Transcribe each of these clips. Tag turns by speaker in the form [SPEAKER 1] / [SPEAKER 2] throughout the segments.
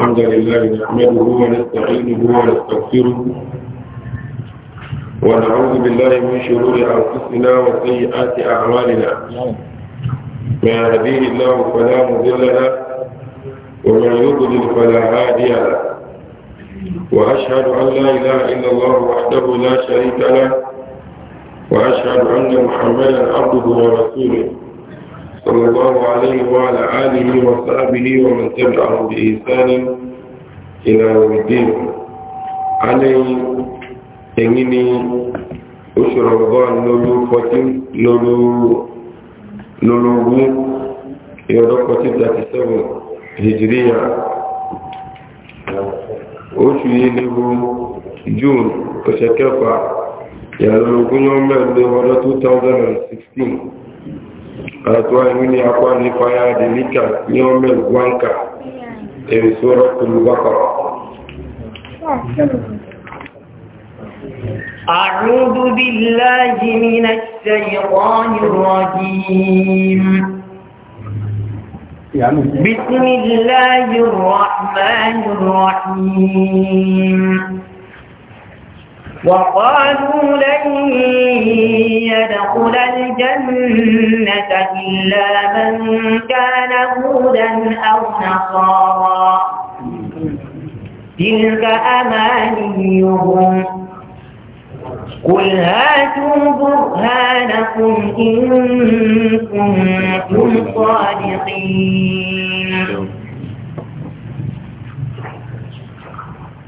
[SPEAKER 1] الحمد لله نحمده ونستعينه ونستغفره ونعوذ بالله من شرور أنفسنا وسيئات أعمالنا ما يهديه الله فلا مضل له ومن يضلل فلا هادي له وأشهد أن لا إله إلا الله وحده لا شريك له وأشهد أن محمدا عبده ورسوله صلى الله عليه وعلى آله وصحبه ومن تبعهم بإحسان إلى يوم الدين علي إنني أشهر رمضان لولو فتن لولو لولو يوم فتن 37 هجرية oṣù yìí ní bú june oṣù kẹfà ìyàlógún yóò 2016 àtọ́ ìwúni apá ní fáyà dìlíkà ní ọmọ ìgbáǹkà èrè sọ́rọ̀ pẹ̀lú bákọ̀rọ̀
[SPEAKER 2] أعوذ بالله من الشيطان الرجيم بسم الله وقالوا لن يدخل الجنة إلا من كان هودا أو نصارا تلك أمانيهم قل هاتوا برهانكم إن كنتم صادقين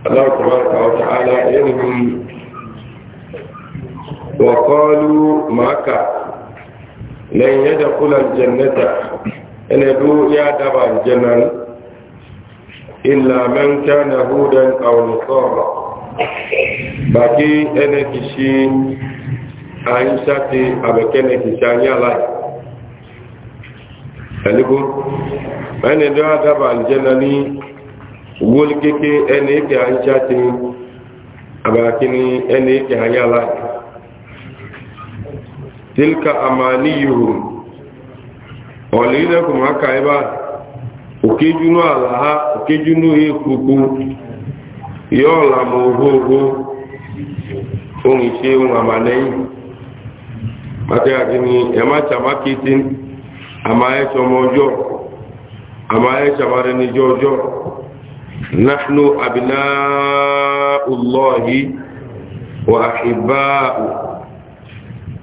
[SPEAKER 1] الله تبارك وتعالى يرمي وقالوا معك لن يدخل الجنة أن يدعو يا دبا الجنة إلا من كان هودا أو نصارى باقي أنا كشي عائشتي أبكنا كشاني الله ẹnigbó ẹni dọ́ adaba alìjẹ́nà ní wọ́n kéke ẹni èkè àyíṣà ti àbàkí ni ẹni èkè àyíṣà láti tilka amaniyuhum ọ̀lẹ́yìn kò máa ka ẹbá òkéjúnú àlàá òkéjúnú ìkùkù yóò làmù ogóogó ohun ìṣe ohun àmàlẹ́yìn pàtàkì ni ẹ̀má tàbákìtì àmà ẹ̀ṣọ́ ọmọ ọjọ́ àmà ẹ̀ṣọ́ àmàrẹ́nijọ́ ọjọ́ nahnu abinaa ullahi wa ahibaa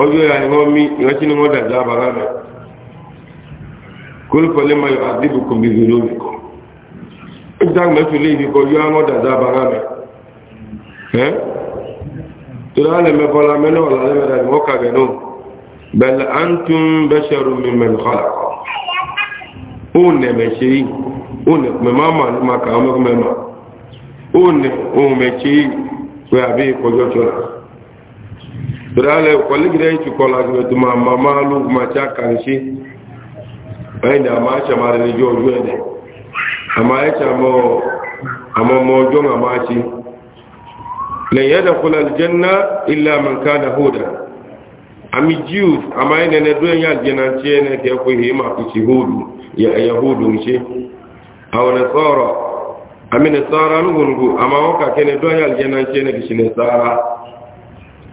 [SPEAKER 1] ọjọ́ ya ni wọ́n mi ìwọ́n tí ni wọ́n dàjá àbára rẹ̀ kólùkọ́ lè máa yọ àdébù kò bí zòrò mi kọ́ ó dá mẹ́tò lè fi kọjú àwọn dàjá àbára rẹ̀ ẹ́ tó dá lè mẹ́kọ́lá mẹ́nà ọ̀la lẹ́mẹ́ta ni wọ́n kà gẹ̀ náà bẹ̀lẹ̀ à ń tún bẹ́sẹ̀ rú mi mẹ́nu kọ́lá ó nẹ̀ mẹ́ṣe yìí ó nẹ̀ mẹ́má mà ní kà á mẹ́kọ́ mẹ́mà ó nẹ̀ ohun mẹ́ṣe yìí pé àbí ìkọjọ́ tó rà birale kwaligire ci kola gbe tuma mama lu ma cha kanshi bayin da ma cha mare ni jo jo ne ama ya cha mo ama mo jo ma ma chi lan yadkhul al janna illa man kana huda ami jews ama ene ne do nya aljanna ci ne ke ko hi ma ku ci hudu ya yahudu ci aw nasara ami nasara lu gungu ama waka kene do nya aljanna ci ne ki nasara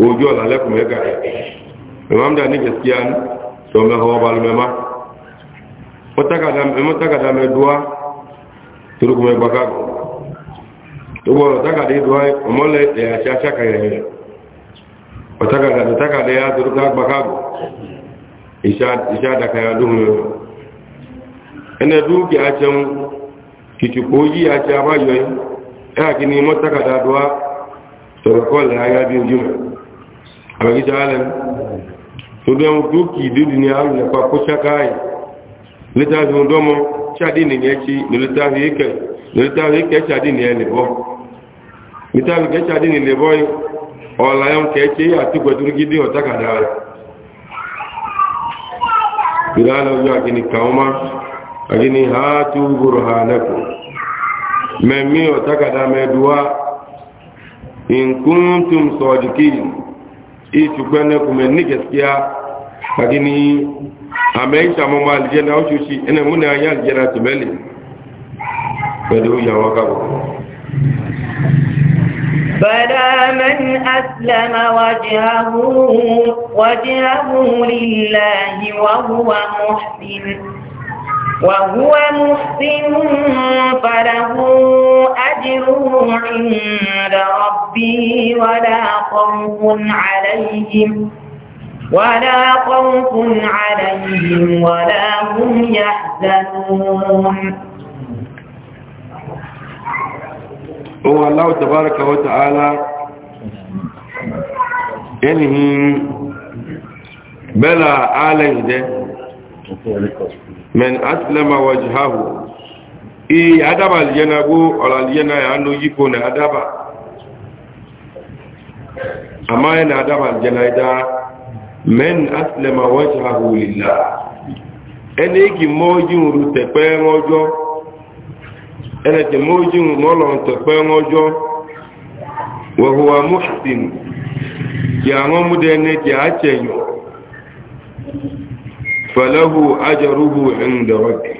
[SPEAKER 1] ojú ọ̀la lẹ́kùn mẹ́gà ẹ̀ ìmọ̀mdà ní gẹ̀ẹ́sìá ní sọmẹ́họ ọbalùmẹ́má mọ́tàkàdà mẹ́dúwá torúkùnmẹ́ gbàgbàgbọ́ tó gbọ́dọ̀ tàkàdà ìdúwá ọmọlẹ̀ ẹ̀yàṣẹ́ aṣákàyẹ̀yẹ̀ ọ̀tàkàdà ya torúkùnmẹ́ gbàgbàgbọ́ ìṣá àdàkàyà lóhun ẹnẹ́dú kí a jẹun kìtìkó yí àti abáyọ ẹ̀ kí ni mọ́tàkàdà dúwá tọ̀rọ̀kọ́ lẹ́ abẹ́gídá alẹ́ odò ẹ̀wọ̀n tó kì í dúdú ní àrùn ẹ̀pà kó ṣákáyì létàfi ọdọ́mọ ṣáàdì nìyẹn ṣe lólétàfi ẹ̀kẹ́ lólétàfi ẹ̀kẹ́ ṣáàdì nìyẹn lè bọ́ létàfi ẹ̀kẹ́ ṣáàdì nìyẹn lè bọ́ yìí ọ̀la ẹ̀wọ̀n kẹ́ẹ̀ṣẹ́ àtúgbẹ̀dúrúgídé ọ̀tàkàdá rẹ̀ ìlànà ojú àgìní kàwọ́má àgìní ha tó gbòrò ha lẹ́kọ̀ọ́ mẹ́mí ọ̀tàkàdá mẹ́dùwá ìǹkúntùm sọ̀dìkìlì itu gbana kuma ni gaskiya kagini amaisha mama aljanna uchuchi ina muna ya aljanna tumeli bado ya wakabo
[SPEAKER 2] بلى من أسلم وجهه وجهه لله وهو محسن وهو محسن فله أجر عند ربي ولا خوف عليهم
[SPEAKER 1] ولا
[SPEAKER 2] خوف عليهم ولا هم يحزنون
[SPEAKER 1] هو الله تبارك وتعالى إنهم بلا عالم ده من أسلم وجهه إي أدبا الجنبو على الجنة أنه يكون أدبا أما إن أدبا الجنة من أسلم وجهه لله ẹni kì mọ́jìn rú tẹ̀pẹ́ ọjọ́ ẹni kì mọ́jìn mọ́lọ̀ tẹ̀pẹ́ ọjọ́ wọ̀húwà mọ́sìn kì àwọn falahu ajaruhu inda rabbi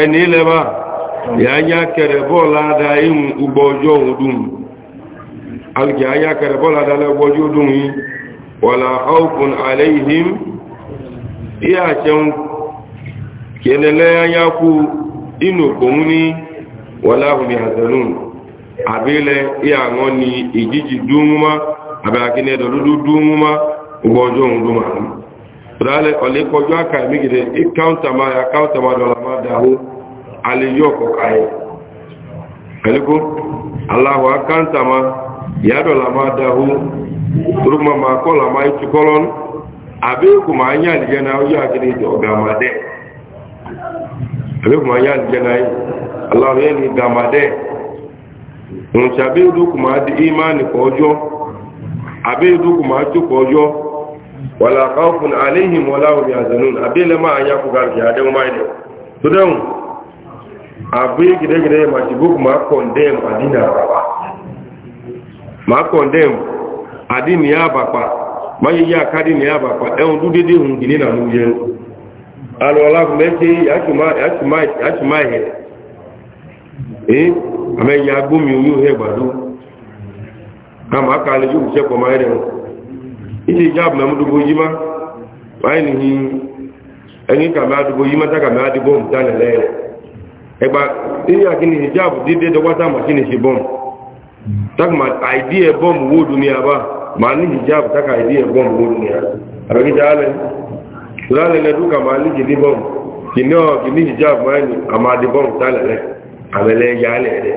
[SPEAKER 1] ẹni ilẹ̀ bá yà yá kẹrẹ bọ́ọ̀lá dá ihun ugbọ ọjọ́ ọdún alìkì yà kẹrẹ bọ́ọ̀lá dá lẹ́gbọ́ ọjọ́ ọdún yìí wàlá ọkùn aléhìm yà ṣẹun kẹlẹ̀lẹ́ yà kú inú òkòun ní wàlá ọmọ ìhàzẹ̀nù àbílẹ̀ yà wọ́n ni ma rale ole kojo aka mi gide i counter ma ya counter ma do la ma da ho ale yo ko kai aliko allah wa counter ma ya do la ma da ho turuma ma ko la ma itu kolon abe ku ma nya ni na o ya gide do ga ma de abe ku ma nya ni na allah ye ni ga ma de un chabe du ku ma di wala khawfun alaihim wala hum yahzanun abele ma ya ku garbi ade ma ide to don abi gide gide ma tibuk ma condemn adina baba ma condemn adini ya baba ma yi ya kadi ya baba e on dudede hun gine na nu ye alola ku meje ya ki ma ya ki ma ya ki ma he eh ame ya gbomi oyo he gbadu kama ka le ju se ko ma ide ije ìjáàbù mẹ́mú dúgbò yí má wáyé nìyí ẹni kàmẹ́ àdúgbò yí má tá kàmẹ́ àdúgbò ń dálẹ̀ lẹ́yìn ẹgbà ìyá àkíní ìjáàbù dídé dọ́gbátà mà kí ni ṣe bọ́m tákùmà àìdí ẹ̀ bọ́m wó dunia bá mà ní ìjáàbù tákà àìdí ẹ̀ bọ́m wó dunia àbẹ̀kíjà alẹ́ lálẹ́ lẹ́dú kàmà ní ìdí bọ́m kìnnì ọ̀ kìnnì ìjáàbù wáyé ni àmà àdí bọ́m dálẹ̀ lẹ́ àmẹ́lẹ́ yálẹ̀ rẹ̀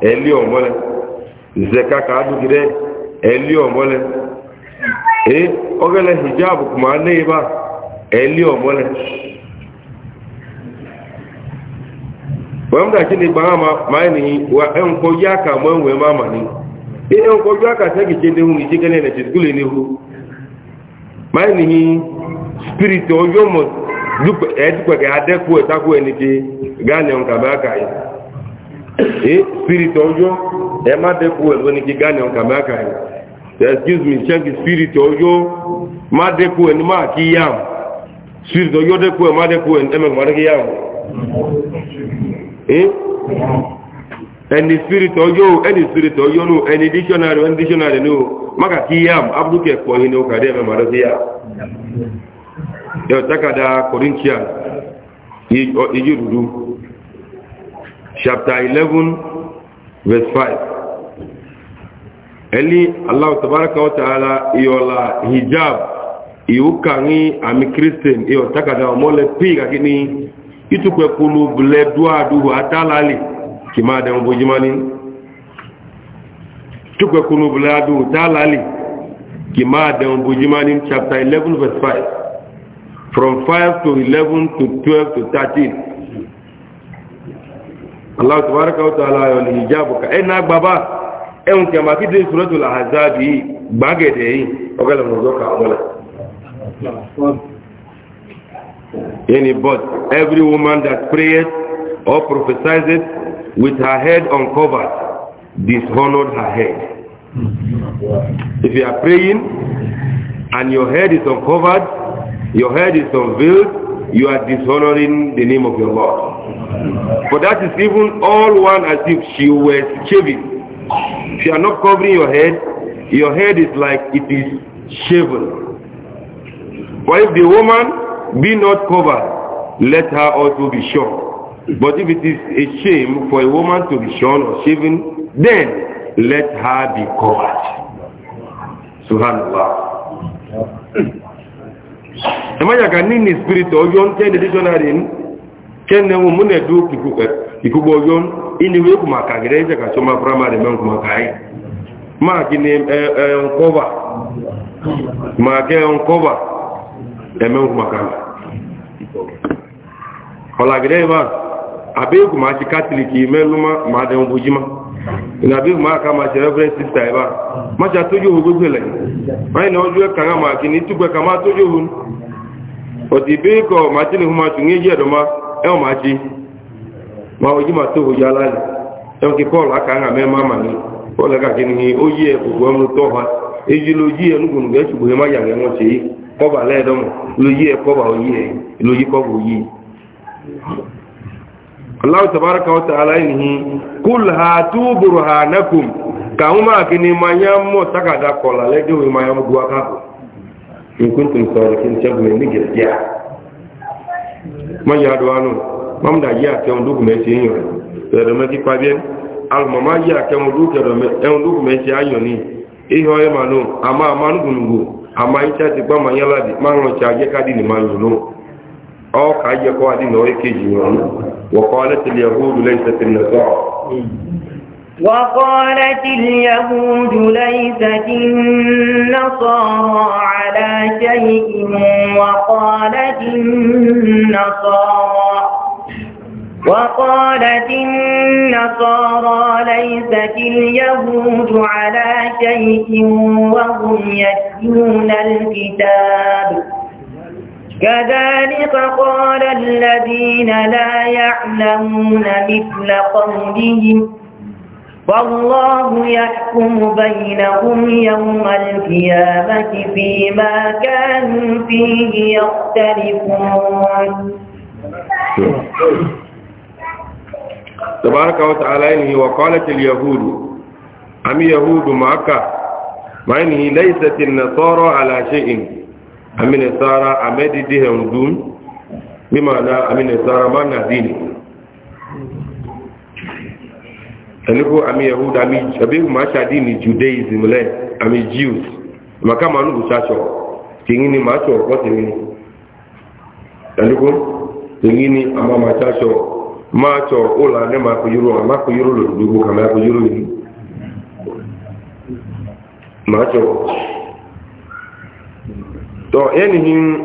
[SPEAKER 1] Eli ọmọlẹ zẹka kàádùgidẹ ẹlí ọmọlẹ ee ọgẹlẹ e, hijab kùmà nẹyìn bá ẹlí ọmọlẹ wọ́n dà kí ni gbàgbà máa ní wa ẹnkọ́ yá kà mọ́ ẹ̀wọ̀n máa mà ní ee ẹnkọ́ yá sẹ́kì e spirit ojo e ma de ku elu ni gigani on kama aka excuse me check the spirit ojo ma de ku en ma ki yam spirit ojo de ku ma de ku en eme ma de ki yam e ẹni spirit ọjọ́ ẹni spirit ọjọ́ nù ẹni dictionary ẹni dictionary nù maka kí yam abúkẹ́ pọ̀ yìí ní ó kàdé ẹ̀mẹ́ màdọ́ sí yá yọ takada corinthian ìjọ dúdú chapter 11 verse 5 eli allah tabaraka wa taala iyola hijab iukangi ami christian iyo takada mole piga kini itukwe kulu ble dua duhu atalali kimada mbujimani tukwe kulu ble duhu talali kimada mbujimani chapter 11 verse 5 from 5 to 11 to 12 to 13 Allah tabaraka wa ta'ala yọ ni hijabu ka ẹna gbaba ẹun kẹ ma kíde ìsúrọ́tò làhàzábì gbàgẹ̀dẹ̀ yìí ọgọ́lẹ̀ mọ̀zọ́ ka ọmọlẹ̀ every woman that prayed or prophesied with her head uncovered dishonored her head if you are praying and your head is uncovered your head is unveiled you are dishonoring the name of your lord But that is even all one as if she were shaving. If you are not covering your head, your head is like it is shaven. For if the woman be not covered, let her also be shorn. But if it is a shame for a woman to be shorn or shaven, then let her be covered. Subhanallah. Am kanini a spirit or you don't dictionary? kene mu mune du kikuka eh, kikubo yon ini we kuma ka gereja ka choma primary men kuma kai ma kini eh eh onkova ma ke onkova eh, men kuma ka hola gereva abe kuma ti catholic meluma ma de bujima ina bi ma ka ma reverend sister eba ma ja ma ina ka ma kini ka ma hun odi ko ma ma tunye je do ma ẹwọ máa jí máa ojú máa tó ojú aláàlì ẹwọ kí kọ́ọ̀lù aka ń àmẹ́ máa màní kọ́ọ̀lù aka kí ni ó yí ẹ gbogbo ẹmu tọ́ ha èyí ló yí ẹ nugbònugbò ẹ ṣùgbọ́n ẹ má yàgẹ̀ wọn ṣe kọ́ba lẹ́ẹ̀dọ́mọ̀ ló yí ẹ kọ́ba òyí ẹ ló yí kọ́ba òyí. aláwọ̀ tabaraka wa kúl ha tó bùrù ha nẹ́kùn kàwọn máa kí ni máa yá man ya do anu mam da ya ke on dugu me ti yin re do me ki pa bien al ya ke on dugu ke do me e ni e ma ama ama nu gungu ama icha ti pa ma yala di ma ron cha je ka di ni ma yo o ka je ko adi no e qalat al yahud laysat an nasara
[SPEAKER 2] وقالت اليهود ليست النصارى على شيء وقالت النصارى وقالت النصارى ليست اليهود على شيء وهم يتلون الكتاب كذلك قال الذين لا يعلمون مثل قولهم والله يحكم بينهم يوم القيامة فيما كانوا فيه يختلفون
[SPEAKER 1] تبارك وتعالى وقالت اليهود أم يهود معك مع أنه ليست النصارى على شيء أم النصارى أمد ديهم دون بمعنى أم النصارى ما نهديني ẹnugu ami yahud ami ẹbi machadi ni judaism lẹ ami jews maka ma nu busatsɔ tìŋi ni ma tsɔ ɔkɔ tìŋi ni ẹnugu tìŋi ni ama ma tsatsɔ ma tsɔ ɔla ne ma ko yoro ama ko yoro lɛ gbogbo kama ko yoro yi ma tsɔ tɔ yanni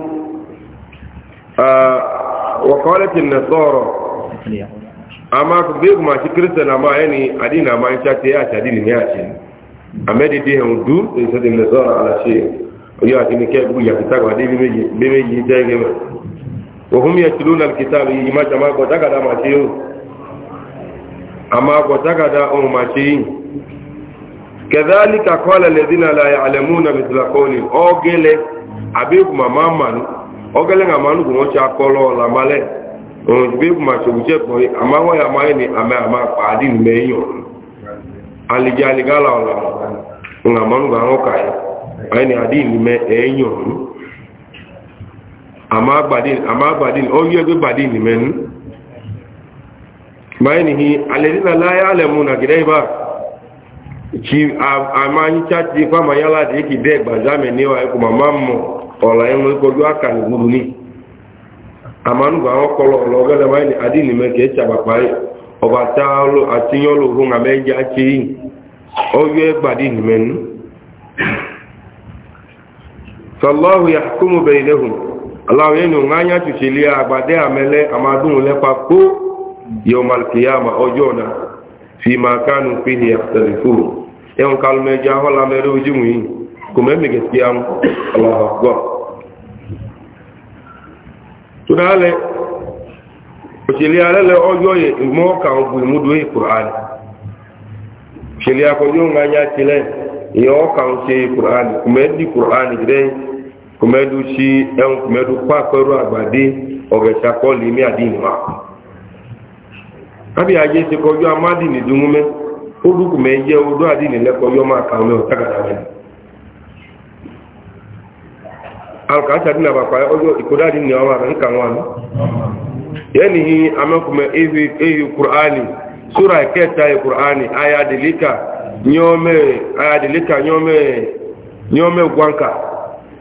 [SPEAKER 1] amma ku be kuma ci kristiyan amma yani adina ma in chate ya ta dini ya ce amedi de hun du in sa din nazara ala shi ya tin ke bu ya ta ga dini meji be meji ta ga ma wa hum yatluna alkitab yi ma jama ko daga da ma ce yo amma ko daga da on ma ce kadhalika qala alladhina la ya'lamuna mithla qawli ogele abe kuma mamanu ogele ngamanu ko cha kolo la male òun ti bí kò máa ṣòwò jẹ́ pọ̀ àmáwọ̀ ya máa ní àmà àmà pàdé ìlú mẹ́yìn ọ̀run alìjẹ́ alìgálà ọ̀la òun àmọ́nùgbà àwọn ọkà yẹn àyẹ́ ní mẹ́yìn ọ̀run àmà àgbàdé ọ̀yẹ́ gbé gbàdé ìlú mẹ́nu máa ní hi alẹ́ nínú aláyà nàgídẹ́ ibà kí àmà yín fáwọn yálà dé kì amanu àwọn kọlọ ọlọ ọgẹdẹ wáyé ni adini mẹkẹ ẹ tsabakpa yi ọba taalo atinyɔlo ho ŋa mẹdze atsi yi ɔyɔ ɛgbadi ni mɛnu sɔlɔhu ya bẹyìn lẹhu alahu yẹn ni ŋa nya tutseli agbadɛ amɛlɛ amadunu lɛ na fima kanu fihi yakutu ɛwọn kalumɛdze ahɔlamɛ ɖe ojú mu tunale òṣèléralẹ ọjọ ìmọọkà ọgbọ ìmúdó ìkùránì òṣèlérà kọjú ń ganya tilẹ ìyẹn ọkà ń ṣe ìkùránì kùmẹdì ìkùránì rẹ kùmẹdù sí ẹhùn kùmẹdù pàpẹrù àgbàdé ọgẹsàkọ lèmi àdínmà àbí ajé ti kọjú amádìní dùnmú mẹ ó dúkùmẹ jẹ odó àdínní lẹkọọ yọmọ àkàwọn ọtá kàdàmẹni. alkacha dị na bakwa oge ikoda dị nnewa mara nka nwanụ ya na ihe amakwume ehi kur'ani sura keta yi kur'ani aya dilika nyome gwanka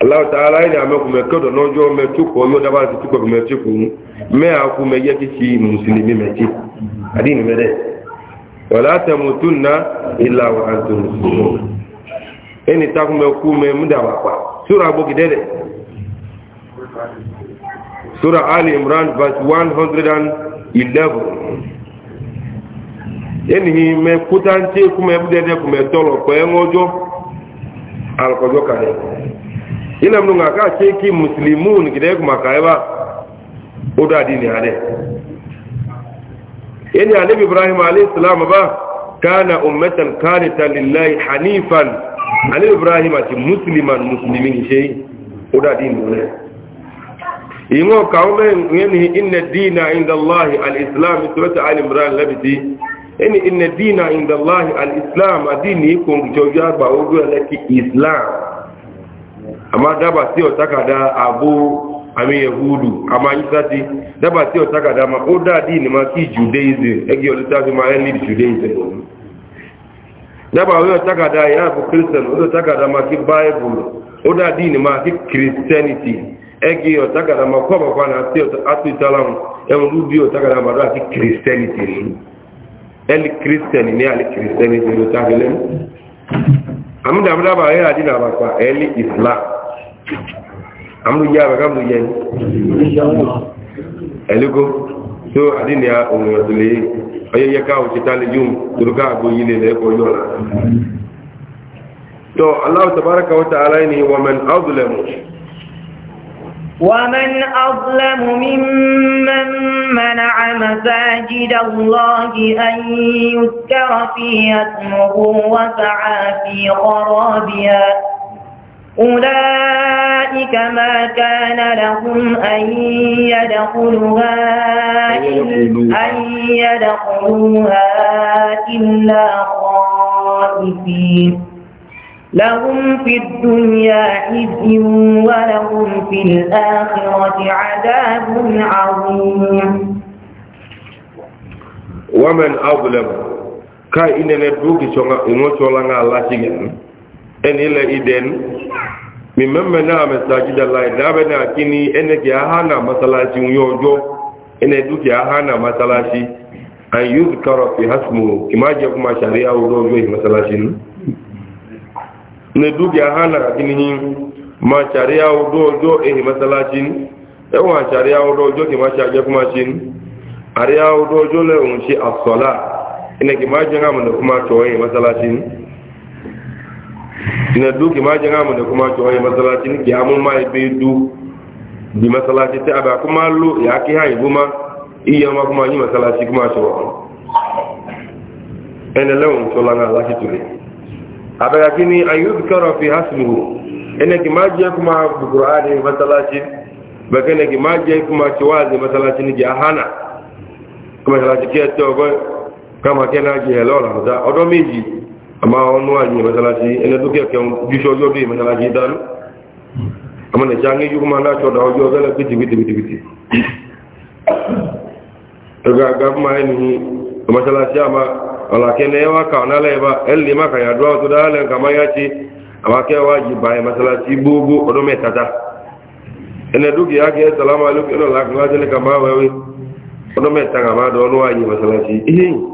[SPEAKER 1] allah ta'ala ina amakwume kedo n'ojo ome chukwu oyo dabara ti chukwu ome chukwu me akwume ya kici musulmi mechi adini mere wala tamutunna illa wa antum muslimun eni takume kume mudawakwa sura gbogidẹ́dẹ̀ Surah ali imran verse 111 yẹnihi mẹ kútàntí kúmẹ búdẹ́dẹ́ kúmẹ tọ́lọ̀ pẹ́ ńọ́jọ́ alùkọjọ́ kalẹ̀ yìí mú nga ká ṣe kí mùsùlùmí gidẹ́ kúmà káyẹ́bà ó dáadí ní adẹ́ yẹni alẹ́bí ibrahim alayhi salam bá kánà ummatan kánìtà lillahi hanifan ani ibrahim ati musliman muslimin sey o da din mo ne ingo kawbe ngeni inna dina inda allah alislam surat al imran labiti eni inna dina inda allah alislam adini ko jojo agba ogo ele islam ama daba ti o takada abu ami yahudu ama isati daba ti o takada ma o da din ma judaism egi o litafi ma eni judaism dábàá wíwọ tákàdá ìyáàbò kírísítẹ̀nì ó lọ tákàdá máa kí báìbùlù ó dá díìnì máa kí kírísítẹ́nìtì ẹgì ọ̀tákàdá máa kọ́ bàbá náà àti àtúntàláhùn ẹ̀hún ló bí ọ̀tákàdá máa dá sí kírísítẹ́nìtì rí ẹni kírísítẹ́nì ní àlè kírísítẹ́nìtì ló tábí lẹ́nu. àmúdàmú dábàá ẹ̀yà dín náà bàbá ẹ̀lì ìfúlá àmúdùjẹ́ àbàkà àmúdùjẹ́ ẹ̀lẹ́kọ́ tó àdínìyà òun ọyẹ yẹ káwọ ti tálẹ yóò torúkà àgbo yìí lè lẹ́kọ̀ọ́ yọ̀ la. tó aláwọ̀ tabaraka wa ta'ala ni wọ́n mẹ́ni áwùdùlẹ̀mù.
[SPEAKER 2] ومن أظلم ممن منع مساجد الله أن يذكر فيها اسمه وسعى في خرابها أولئك ما كان لهم أن يدخلها أن يدخلوها إلا خائفين لهم في الدنيا خزي ولهم في الآخرة عذاب عظيم
[SPEAKER 1] ومن أظلم كائن ندوك إنه شلنا الله ẹni ilẹ̀ ìdẹ̀nu mímẹ́mẹ́ náà mẹ́sàgídà láì dábẹ́ náà kí ni ẹnẹ́kì ahánà masalasi ń yọ ọjọ́ ẹnẹ́dúkì ahánà masalasi and youth carrot fi hasmo kì máa jẹ́ kuma ṣàrí àwòrán ọjọ́ yìí masalasi nù ẹnẹ́dúkì ahánà kí ni máa ṣàrí àwòrán ọjọ́ yìí masalasi nù ẹwọ́n e ṣàrí àwòrán ọjọ́ kì máa ṣàjẹ́ kuma ṣe nù àrí àwòrán ọjọ́ lẹ́wọ̀n ṣe àsọ̀lá ẹnẹ́kì máa jẹ́ ina duki ma janga mu da kuma cewa masallaci ne ya mun mai be du bi masallaci ta ba kuma lo ya ki hayi buma iya ma kuma yi masallaci kuma cewa ene lawun to lana la ki tuli abaga kini ayuzkara fi hasmuhu ene ki ma je kuma qur'ani masallaci ba kene ki ma je kuma cewa zai masallaci ne ya hana kuma masallaci ke to ba kama kenaji hello la da odo amma wani wani masalaci ina duk yake jisho ojo bi masalaci dalu amma da can yi kuma na coda ojo gana biti biti biti biti daga gama yi masalaci amma alake na yawa ka wani alaiba yan lima ka yaduwa wasu da halin kamar ya ce amma kai waji baya masalaci gbogbo odo mai tata ina duk ya ke salamu alaikum ina lakin wajen kama wawai odo mai tanga ma da wani wani masalaci ihe yi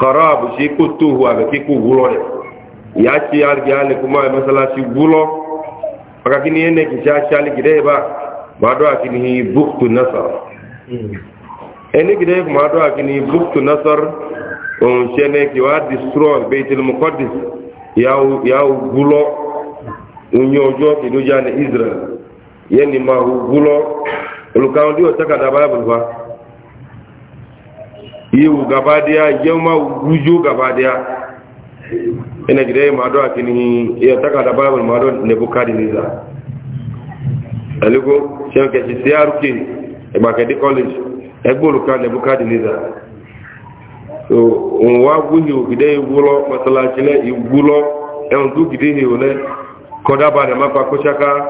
[SPEAKER 1] xarabu si ko tohu a bɛ kɛ ko wulɔ dɛ y'a ci aliki ale kuma ye masalasi wulɔ a ka kini ye ne kisi a ci aliki dɛ ba ma dɔn a kini buktu nasar ɛ ne kini ye ma dɔn a kini buktu nasar on sɛnɛ ki wa destroy beitel mukadis yaw yaw wulɔ o nyɔjɔ kinu ja ne israel yanni ma wulɔ olu kan di o ta ka da bible fa yewu gabadia yewma wujo gabadia ina gidai mado akini ya taka da bible mado nebukadnezar aligo shem ke si siaruke egba ke di college egbolu ka nebukadnezar so on wa wuhi ogide igbulo masalaci ne igbulo ehun du ba ne mapa koshaka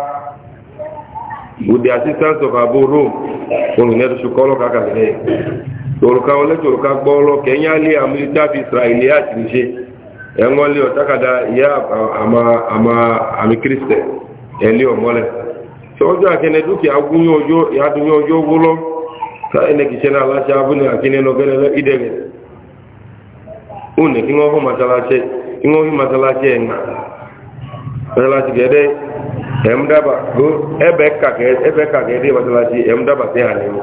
[SPEAKER 1] with the assistance of kolo kaka tòrùka wọlé tòrùka gbọ́ lọ kẹ́yìn alẹ́ amílítàbí israẹli àti níṣe ẹ̀wọ́n lé ọ̀tàkàdá ìyá àmà àmì kírísítẹ̀ ẹ̀lẹ́ ọ̀mọ́lẹ̀ tọ́jú àkẹ́nẹ́ dúkìá gúnyán ọjọ́ ìyádúnyán wúlọ́ káyẹ̀nẹ́ kìí ṣẹlẹ̀ aláṣẹ abúlé àkẹ́nẹ́ lọ́gẹ́lẹ́ ìdẹ̀rẹ̀ ó kí wọ́n fún ẹ̀bẹ̀ kàkẹ́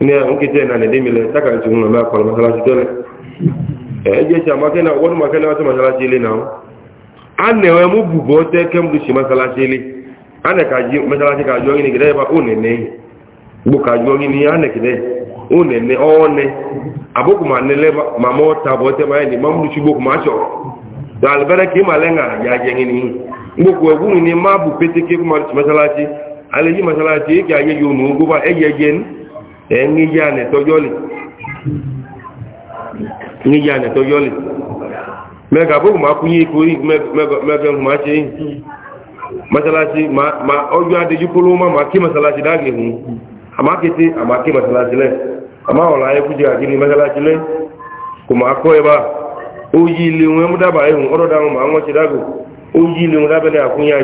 [SPEAKER 1] ne a kete na ne de mile taka nti mun ma ko masala ti tole eh, e je cha ma kana won ma kana masala na an ne we mu bu bo te kem du shi masala ti le an ka ji masala ti ka jo ni ba o ne ne bu ka jo ni an ne gide o ne ne o ne aboku ma ne le ma mo ta bo te ma ni ma mu ma cho da albara ki ma lenga ya je ni ni ma bu pete aye yo nu go ba e ni ẹ̀ńgíjà nẹ̀tọ́jọ́lì níjà nẹ̀tọ́jọ́lì mẹ́gà bóòmù máa kú yí ikú rí mẹ́gà máa ṣe masalasi ma ọjọ́ adéjú polówó máa máa kí masalasi dáàgì hùn àmá kété àmá kí masalasi lẹ́ àmá ọ̀la ẹkú jẹ́ àgírí masalasi lẹ́ kò máa kọ́ ẹ bá ó ilé wọn mú dábàá ẹ̀hùn ọ̀rọ̀ dáhùn máa wọ́n ṣe dáàgò a yí ilé wọn dábẹ́lẹ̀ àkúnyà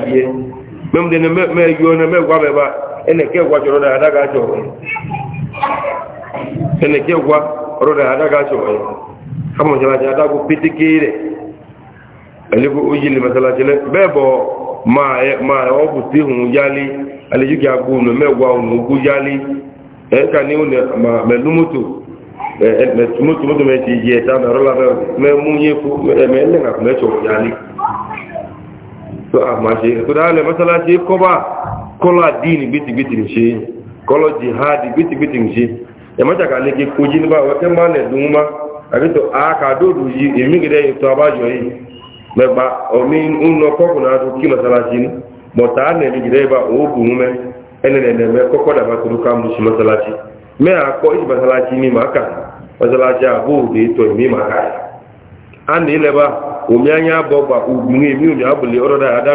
[SPEAKER 1] mẹ́mdẹ́ni mẹ́ẹ̀yọ́ eneke gwa chọrọ na ada ga-achọ onwe eneke gwa ọrụ na ada ga-achọ onwe ha mụcharacha ada bụ pitikire elibu ojili masalachile bee bụ ma ọ e, e, bụ tihun yali alejuki agba unu megwa unu ugwu yali Eka ni unu ma melu moto moto moto meti yi eta na rola me mu ye fu e, me le na kuma echo yali to a ah, ma se to da le masalachile ko ba kọlọ àdínì gbitigbiti ń ṣe kọ́lọ́ jihadi gbitigbiti ń ṣe ẹ̀mọ́tàkà lè ké kojú nípa ọ̀kẹ́ máa nẹ̀ dùn má àbítọ̀ àkàdóòdù yìí èmi gẹ̀dẹ̀ ètò àbájọ yìí mẹ́gbà ọ̀mí ń lọ náà tó kí ìbá òògùn dàbà tó ká mi àbóòdè bá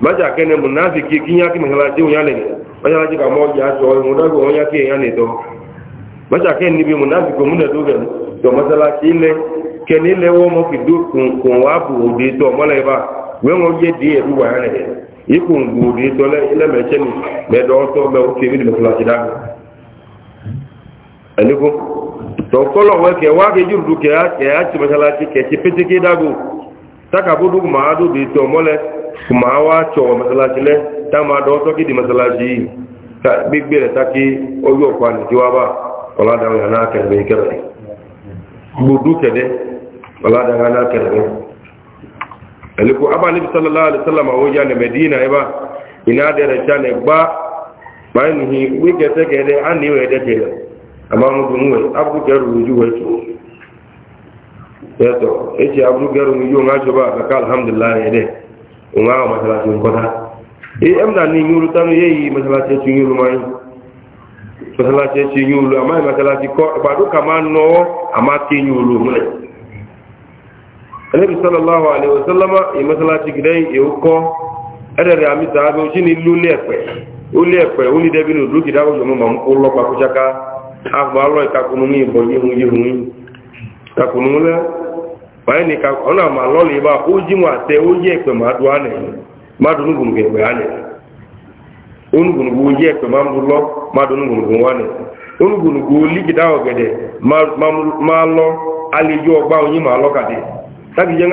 [SPEAKER 1] maja kene munafiki kinya ki mahalaji unyale mahalaji ka moja so mudago onya ki yani to maja kene ni bi munafiki to kene le wo mo we mo di e le ile ni me do to me o ni masalaji da aliko to kolo we ke wa ke jurdu ke ya ke ya ti masalaji ke ti peteke takabudu de to kuma wa cewa masalaci ne dama da wasu kidi masalaci ta gbigbe da taki oyi oh, okwa ne jiwa ba wala da wani na karbe karbe budu kede wala da wani na karbe aliku aba nabi sallallahu alaihi wasallam a wajen ne medina ya ba ina da rasha ne ba bayan ni wike ta kede an ne wai da ke amma ah, mu dun wai abu ke ruju wai to yato yace abu garu mu yo ngajo ba ka alhamdulillah ne dai òun àwọn masalasi E ẹmdà ní ìyúlu tánú yé yìí masalasi ẹtù ìyúlu máa ń masalasi ẹtù ìyúlu àmá yìí masalasi kọ ìgbàdó kà máa nọwọ́ àmá ké ìyúlu múlẹ̀ ẹnẹ́bí sọ́lọ́láwà àlẹ́ òsọ́lọ́mà yìí masalasi gidẹ́ èwú kọ́ ẹ̀rẹ̀rẹ̀ àmì sàábẹ̀ ojú ni lú lẹ́ẹ̀pẹ̀ ó lẹ́ẹ̀pẹ̀ ó ní dẹ́bí ní òdúkì onye ni ka ọ na-ama alọla ịba oji nwa te oji ekpe ma adụ ana mmadụ nugwuru ga ekpe ana onugwurugwu oji ekpe ma mbụlọ mmadụ nugwurugwu nwane onugwurugwu oligide ogede ma lọ aliju ọgba onye ma alọ ka dị tagije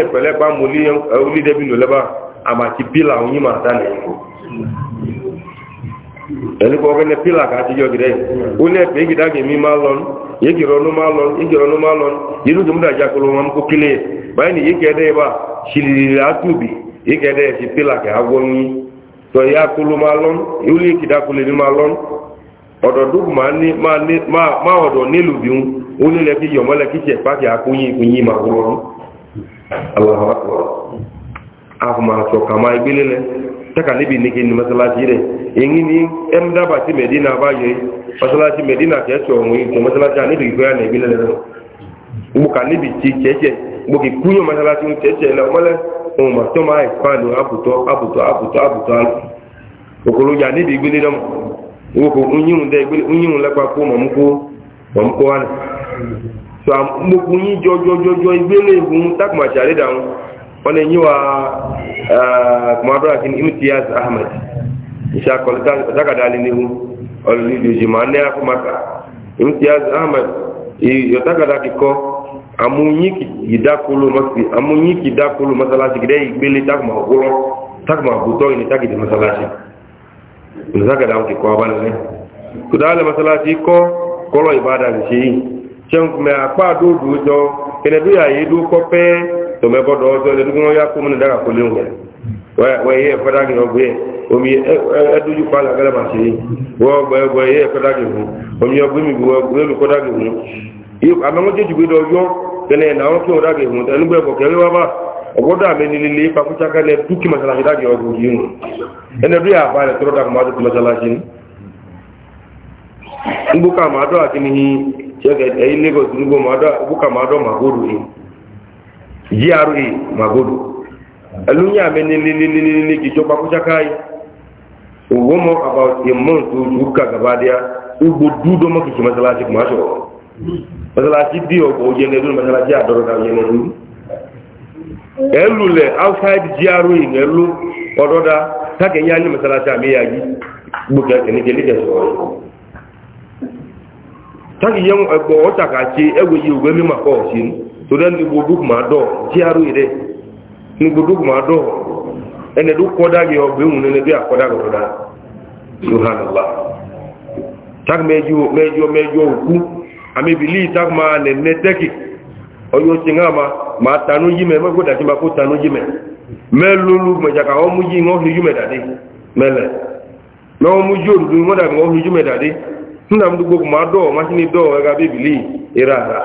[SPEAKER 1] ekpele oli debi pila onye ma ta na ekpo pila ka yekere ọnụma alọn yekere ma alọn yelu gị m da jakolo nwa m kokile banye na yekede ba si pila ka agwọ nyi tọ ya kulu ma lọn iwuli ekida kulu ni ma lọn ọdọ dugu ma ni ma ni ma ma bi ń wuli lẹ ki yọmọ lẹ ma wúrọ alahu akbar kama ebile ti masalasi medina kɛ tsɔ ŋun yi tɛ masalasi ani bi gbɛɛ nɛbi lɛ lɛ ne bi ki masalasi ŋu tsɛtsɛ lɛ wɔlɛ ŋun ma tɔ ma ɛfani abutɔ abutɔ ne nyi ŋun nyi wa ɛɛ kumadɔ la kini ya ahmed isa kɔlita zaka ali ne ọlọlẹ ìdòjì máa ní akọmọta imtiaz ahmed yọtakada kíkọ amúnyí kì dákúlù masalasi gidẹ ìgbélé takuma ọgbọlọ takuma ọgbọtọ ìní takìdì masalasi ìlúsàkàdà ń kíkọ abánilẹ kùdálẹ masalasi kọ kọlọ ìbádà ní ṣe yìí ṣeun kùmẹ apá àdóòdù jọ kẹnẹdúyà yìí dúkọ pẹ tọmẹbọdọ ọjọ ẹlẹdúgbọn yá kó múnidàkà kọlẹ òun yẹn w'a ẹ̀fọ́dágì ọgbẹ́ omi ẹdójú pàlà gẹ́lẹ́ máa ṣe omi ọgbẹ́ mi bí wọ́ọ̀gbẹ́ mi kọ́dágì fún àmọ́ jẹ́jú gbé lọ́jọ́ kẹlẹ́ ẹ̀nà àwọn tí ó dágì fún ẹnugbẹ́ ẹ̀kọ́ kẹlẹ́ wá bá ọgbọ́dọ̀ àmì ní masalasi dágì ọgbọ̀ yìí nù ẹni ẹdú masalasi lagos ẹlúnyà mi ní lílílílílí kìí jọba kó sákáyì òwò mọ about a month oṣù kàgàbádìá gbogbo dúdú mọ kìkì mọsálásí kùmá sọrọ mọsálásí ọgbọ òyìnbó ẹdún mọsálásí àdọrọdà òyìnbó ẹdún ẹlùlẹ outside gro yìí ẹlú ọdọdà káàkiri yá ní mọsálásí àmìyàjí gbogbo ẹkẹ níjẹ níjẹ sọrọ káàkiri nugudugu ma dɔ ɛnɛ du kɔda yɛ ɔbɛ a kɔda yɛ ɔda
[SPEAKER 3] subhanala
[SPEAKER 1] tak mɛdzo mɛdzo oku ami bili tak ma nɛnɛ tɛki ɔyɔ ma ma tanu yi mɛ dati ma ko tanu yi mɛ mɛ ɔmu yi yi mɛ dadi mɛ lɛ mɛ ɔmu yi nna mu ma masini dɔ ɛga bi bili ira ara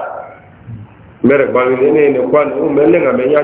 [SPEAKER 1] mɛrɛ gbanu nɛnɛ nɛ kwan mɛ lɛ ŋa mɛ nya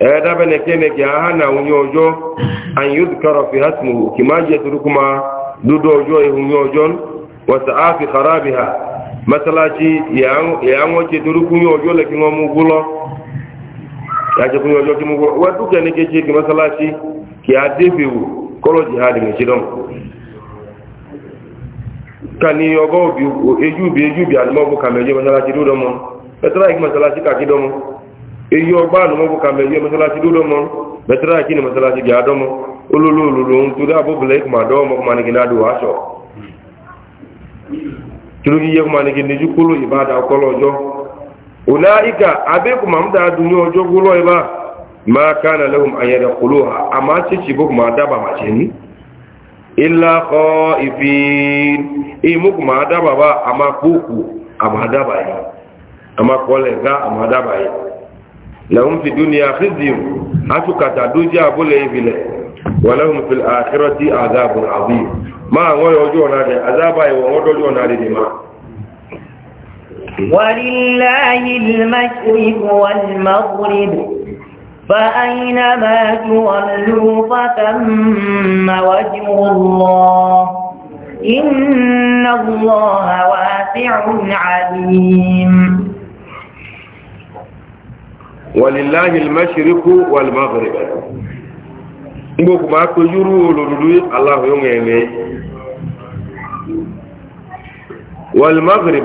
[SPEAKER 1] dabene kene ki ahana unyojo an yudhkara fi hasmuhu kimaje turukuma dudo ojo ehunyojon wa sa'afi kharabiha masalaji yango che turukunyo ojo le kingo mugulo yaje kunyo ojo kimugo wa duke ne ke ki masalaji ki adifiwu kolo jihad ni chidon kani yogo bi eju bi eju kameje masalaji dudo mo petra ik masalaji ka kidomo eyi ọgbà nù mọ́bù kàmẹ́ yẹ mọ́sálásí dúdọ́ mọ́ mẹ́tẹ́rà kí ni mọ́sálásí gẹ̀ àdọ́mọ́ olólùlù ń torí àbúbùlẹ̀ ìkùmà dọ́ọ̀mọ́ kùmánìkì náà dùn aṣọ kìlógì yẹ kùmánìkì níjú kóló ìbáda ọkọlọ ọjọ́ òná ìkà abẹ́kùmà ń da dùn ní ọjọ́ gbólọ́ ìbá máa ká nà lẹ́hùn àyẹ̀rẹ̀ kóló ha a máa ṣe ṣì bó kùmà dábà mà ṣe ní ilá kọ́ ìfi ìmú kùmà dábà bá a máa kó òkú àmà dábà yìí àmà kọ́lẹ̀ gá àmà dábà yìí lahum fi dunya khizyun atukata duja abule ibile walahum fil akhirati adhabun adhim ma ngoyo ojo na de azaba e won ojo na de ma
[SPEAKER 2] walillahi al-mashriq wal maghrib فأينما تولوا فتم وجه الله إن الله واسع عليم
[SPEAKER 1] walilahi almashriqu walmaghrib ngo kuma ko yuru lolulu allah yo ngene walmaghrib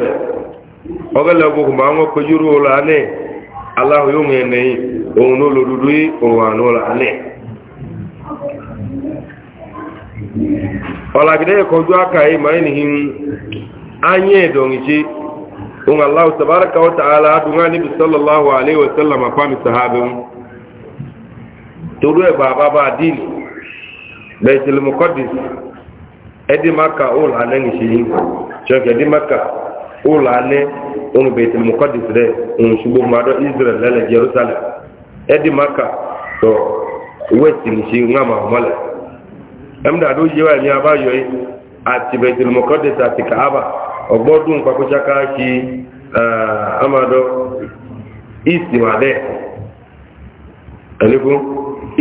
[SPEAKER 1] ogala go kuma ngo ko yuru lane allah yo ngene ono lolulu o wano lane ola gide ko jua kai e mai ni hin anye dongi un Allah tabaraka wa ta'ala dunga ni sallallahu alaihi wa sallam fa mi sahabin turu e baba ba din baitul muqaddas edi makka ul anan shi choke edi makka ul anan un baitul muqaddas de un shubu mado israel la jerusalem edi makka to west ni shi ngama mala amda do yewa ni abayo ati baitul muqaddas ati kaaba ọgbọ́dún pàkóṣáká ṣe eh, amado ìsìmàdẹ́ ẹ̀lẹ́kún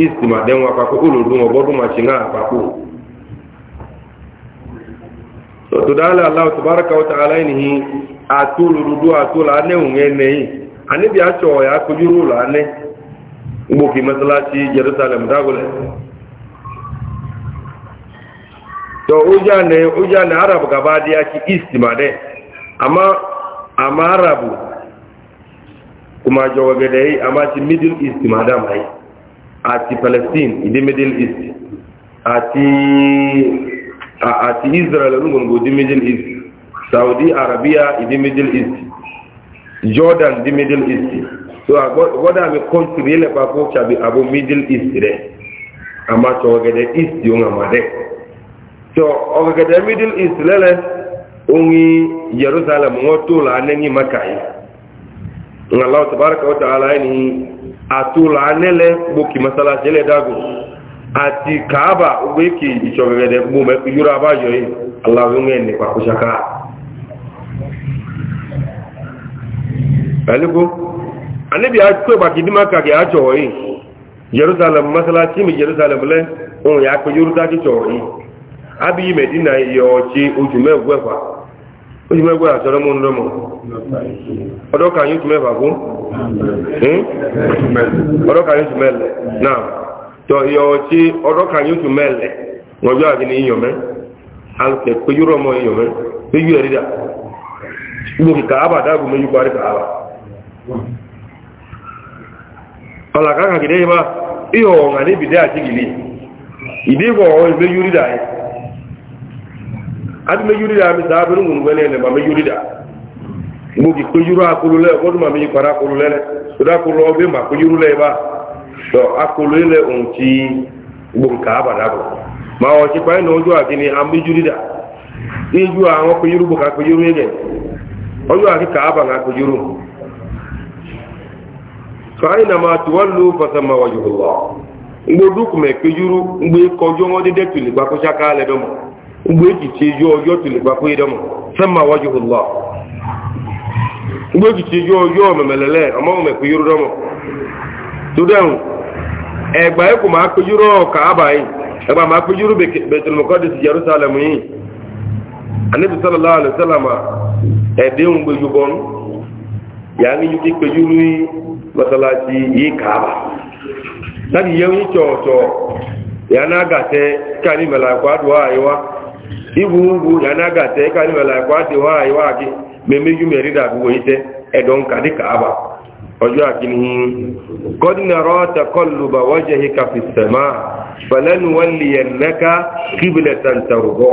[SPEAKER 1] ìsìmàdẹ́ wọn àpapọ̀ olùdún ọgbọ́dún ma ṣe ń àpapọ̀ tòdálà aláwọ̀ tòbárakà ọ̀tà aláìníhì àtòlùdú àtòlà anẹ́hùn ẹnẹ́yìn aníbi àṣọ ọ̀yà akójú rò lánẹ́ gbòkè mẹ́sàlá sí jerusalem dágọ́lẹ̀ to ujane ujane arab gaba daya ki istima de ama ama arabu kuma jawabe dai amma ci middle east ma da mai a ti palestine idi middle east ati ati israel lungun go di middle east saudi arabia idi middle east jordan di middle east so a goda mi country le pa ko chabi abo middle east de ama jawabe dai east yo ngama so ọgagada middle east lele onyi jerusalem wọn tó la maka nga lọ́wọ́ tabaraka wa ta'ala ni àtúlọ̀ anẹ́lẹ̀ gbókì masalasi lẹ́ dágùn ati kaaba gbékì ìṣọ̀gẹ̀gẹ̀dẹ̀ gbó mẹ́kù yúrò abájọ yìí aláwọ̀ ẹ̀ nípa kó ṣaká ẹ̀lẹ́gbó anẹ́bí akó ìbàkì ní maka jerusalem masalasi jerusalem abịghị medina ya ọchị ojumegwekwa ojumegwe achọrọ m nrọ m ọdọ ka anyị otumegwa bụ ọdọ ka anyị otumele na tọ ya ọchị ọdọ ka anyị otumele nwọjọ agị na iyome alụke pejụrọ m iyome peju erida ugbo ka aba dagụ mejukwarị ka aba ọla ka ka gide ba ihe ọha na ebide achị gili ide bụ ọha ebe yurida anyị. E. adi me yuri da mi da bi ngun wele ma me ko yuru akulu ko ma mi para akulu da ko be ma ko yuru ba to akulu le bun ka ba da ko ma o ti no am mi yuri da ni ju ko yuru bu ka ko yuru ye o ka ba ma tuwallu fa thamma wajhullah ngbo duk me yuru ngbo ko jo de ba ko do ugbo tseju ọjọ́ tó lè gba fún ìdánmọ̀ sẹ́mà wájú ọlọ́ ngbeji tseju ọjọ́ mẹ̀mẹ̀lẹ́lẹ́ ọmọ ọmọ ẹ̀kọ́ yóró dánmọ̀ tó dẹ́hùn ẹ̀gbà ma máa pé yóró ma yìí ẹ̀gbà máa pé yóró bẹ̀tẹ̀lùmọ́kọ́dé sí jerusalem yìí anabi sallallahu alayhi wa sallam ẹ̀dẹ́hùn gbẹjú bọ́n yàrá yìí ti pé yóró yi masalasi ibu ugwu ya na aga ata ka anyị akwa dị nwaanyị nwaanyị ma abụwo ite edonka nka dịka aba ọjọ́ àkínihí kọ́dínàrọ́ takọlùbà wọ́jẹ̀ híkà fi sẹ̀má fẹ̀lẹ́nu wọ́n lè yẹn mẹ́ka kíbìlẹ̀ tàntàrùbọ̀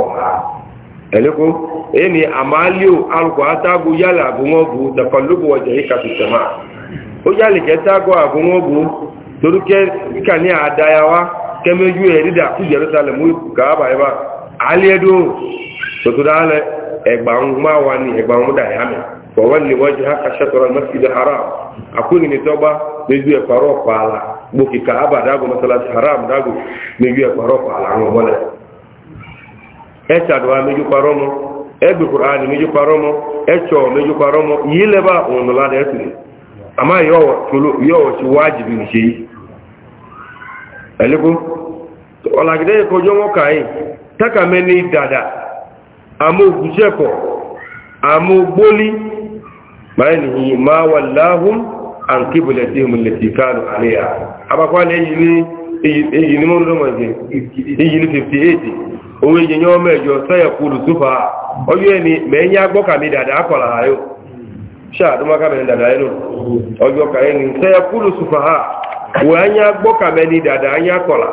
[SPEAKER 1] ẹ̀lẹ́kọ́ èyí ni àmàlíò alùkọ́ àtàgù yálà àbúwọ́bù wọ́jẹ̀ sẹ̀má ó yálì àbúwọ́bù kíkà ní àdáyàwá kẹ́mẹ́jú ẹ̀rídà fún jerusalem kàábà aliedo sotodale egbaŋgba wani egbaŋgba yame fɔwali wajibi haka shatara masjid haram akuni ni tɔgba meju ɛkparo kpaala gboki kaaba dago masalasi haram dago meju ɛkparo kpaala ŋo mɔlɛ ɛtsadowa meju kparo mɔ ɛbi kur'ani meju kparo mɔ ɛtsɔ meju kparo mɔ yileba ɔnula de ɛtuli ama yɔwɔ tolo yɔwɔ si wajibi nse yi ɛliko ɔlagide kɔjɔ ŋɔ kaa yi. taka mẹni dada amu gujeko amu gboli mayanihi ma wà an kiblatihim allati kanu alayha abakwa le yini eyi ni mo ndo mo je eyi ni 58 owo je nyo mejo saya kulu sufa oyo mi dada dada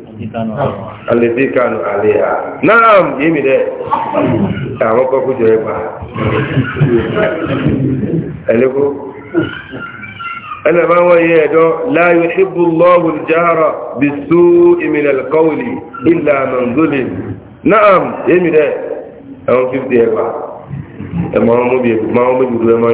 [SPEAKER 1] alẹ́dí kanu àlẹ́yà náà yémi dẹ́ àwọn kọ́kú jẹ́ gbà ẹ̀lẹ́kọ́ ẹlẹ́bá wọ́n yẹ ẹ̀dọ́ láyé ṣíbù lọ́wùn jára bí sú ìmìnà kọ́wùlì ìlà mọ̀ndólì náà yémi dẹ́ àwọn fífì ẹgbà ẹ̀mọ́ ọmọ mọ́bí ẹ̀mọ́ mọ́bí ẹ̀mọ́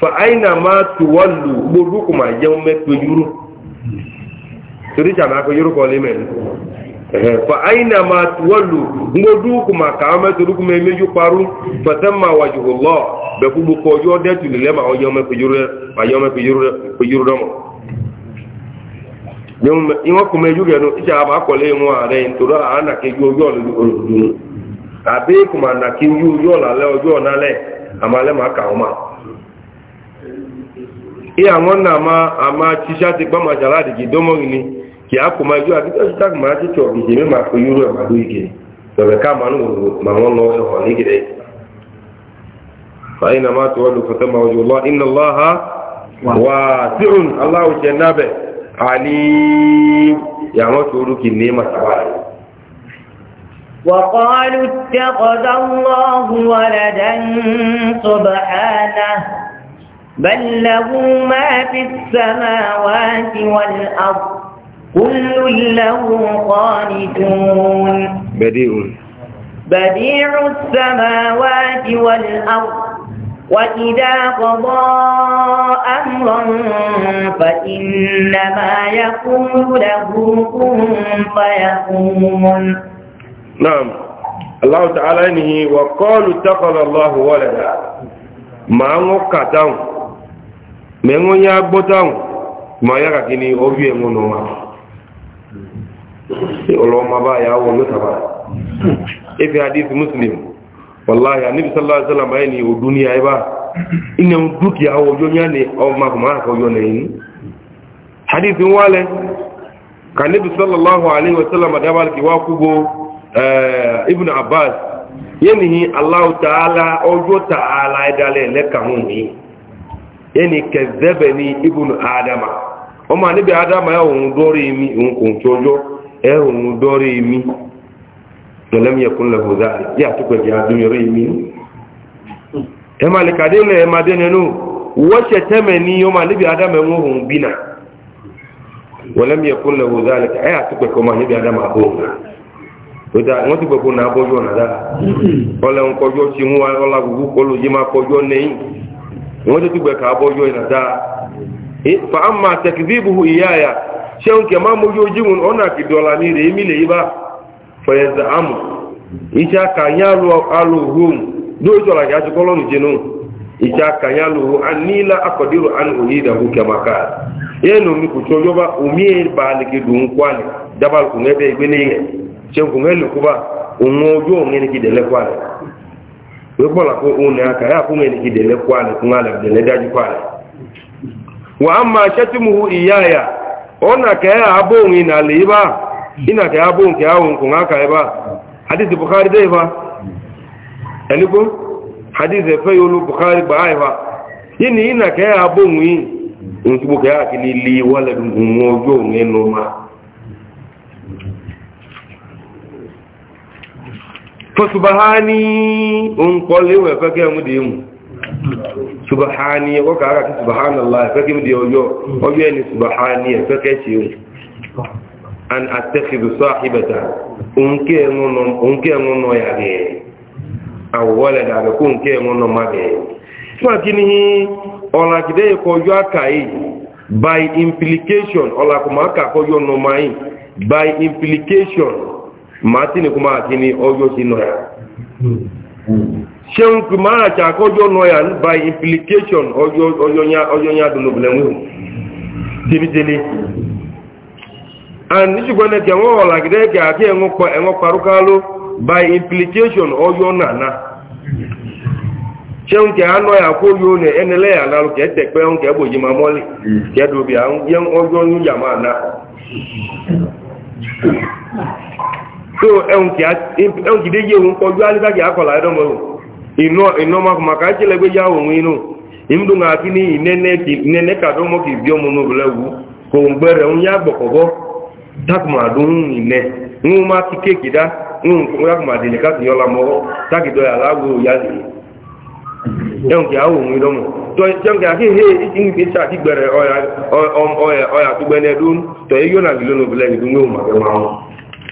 [SPEAKER 1] fa aina ma tuwallu gbogbo kuma jẹun mẹ́tò yúrò torí sàmì akọ yúrò kọ́ fa aina ma tuwallu gbogbo kuma kàá ma yúrò kuma ẹ̀mẹ́jú parú fẹsẹ̀ ma wà jùlọ lọ bẹ̀kú gbogbo ọjọ́ dẹ́tù lẹ́lẹ́ ma ọjọ́ mẹ́tò yọ mẹ́tò yúrò dọ́mọ̀ ìwọ́n kuma ẹ̀jú kuma na ihe anwụ na ama ama ti gba ma jaladi domori ni ka ya kwụ ma ju adịghị ọchịcha ma achịcha ọgịje eme maka onye uru amadu ike mebe ka ma nwụrụ ma nwụọ n'ọhịa ọhọ n'igide فأين ما تولوا فثم وجه الله إن الله واسع الله جنابه عليم يعني تقولوا كنيمة تبارك
[SPEAKER 2] وقالوا اتخذ الله ولدا سبحانه بل له ما في السماوات والأرض كل له قانتون بديع بديع السماوات والأرض وإذا قضى أمرا فإنما يقول له كن فيكون
[SPEAKER 1] نعم الله تعالى إنه وقالوا اتخذ الله ولدا ما هو mɛ ŋo nya gbɔta ŋo tuma ya ka kini o bie ŋo nɔ ma e ya wo ŋo saba e hadith muslim wallahi anibi bi sallallahu alaihi wasallam ayi ni o duniya e ba ina ŋo dukiya o jo nya ne o ma kuma ka o jo ne ni hadith wale ka anibi bi sallallahu alaihi wasallam dabal ki wa kugo eh, ibn abbas yenihi allah ta'ala ojo ta'ala idale le kan ni yani kazzabani ibnu adama ọmọ níbi adama ya òun dọ́rọ̀ mi òun kò jọjọ́ ẹ òun yà tó lè kàdé máa dé nínú wọ́ṣẹ̀ tẹ́mẹ̀ ní ọmọ níbi adama ń òun bínà lọ́lẹ́mí ẹkùn lẹ́hùn záàrí ẹ yà tó pẹ̀lú ọmọ níbi adama bò wọ́n ti gbogbo náà bọ́jọ́ náà dáa wọ́n tẹ́tù gbẹ̀ka abọ́ yọ ìnà dáa fa an ma tẹ̀kìdìbùhù ìyáyà ṣeun kẹ máa mójú ojúmù ọ̀nà àkìdọ̀là ní rèé mílẹ̀ yìí bá fẹ̀yẹ̀dà àmù iṣẹ́ àkànyà alóhùn ka làkì àti kọ́lọ́nù jẹnu iṣẹ́ ka alóhùn anílà akọ̀dérò àni òye ìdàgbò kẹmàkà yẹnu mi kò tọ́jọ́ bá omi kpọla ko une aka ya ko ngeni kidele kwale kungale dele daji kwale wa amma shatimuhu iyaya ona ka ya abon ina liba ina ka abon ka awon kun aka ba hadith bukhari dai ba aliko hadith fa yulu bukhari ba ai ba yini ina ka ya abon wi in tubu ka ya kini li wala dum ngojo ngeno ma fasubahani on kwalle wa ka ga mu da subahani ko ka ga subhanallah ka e ga mu da oyo ni subahani ka an attakhidhu sahibata unke ngono unke ngono ya by implication ola ko ma ka by implication màtí ni kuma àti ni si sí nọ́yà ṣeun kì máa àti àkọ́jọ́ n'ọya by implication ọjọọ yá dùnúbìlẹ̀wò tẹ́bítẹ́lé and níṣùgbọ́n ẹkẹ̀ wọ́n ọ̀là gẹ́gẹ́ àti ẹ̀wọ́n parúkáló by implication ọjọ́ ní so ẹ̀hùn kìdé yé òun kọjú alíbági akọ̀lá ẹ̀dọ́mọ̀rún iná maka jẹ́lẹ̀gbé yá òun inú ìmúdùn àti ní ìnẹ́nẹ́ kàdọ́mọ́ kì bí ọmọ nobulẹ̀ wú kò ń gbẹ̀rẹ̀ ń mụ gbọ̀kọ̀gọ́ takùmàdún ìnẹ́ ń máa ti kéèkì dá ń takùmàdé ní káàkiri yọ́la mọ́wọ́ tákìdọ́ ọ yá lè ẹ̀hùn kì á òun ìdọ́mọ̀ tọ́ ìjọ́nkì àkíhé ìpínlẹ̀ àti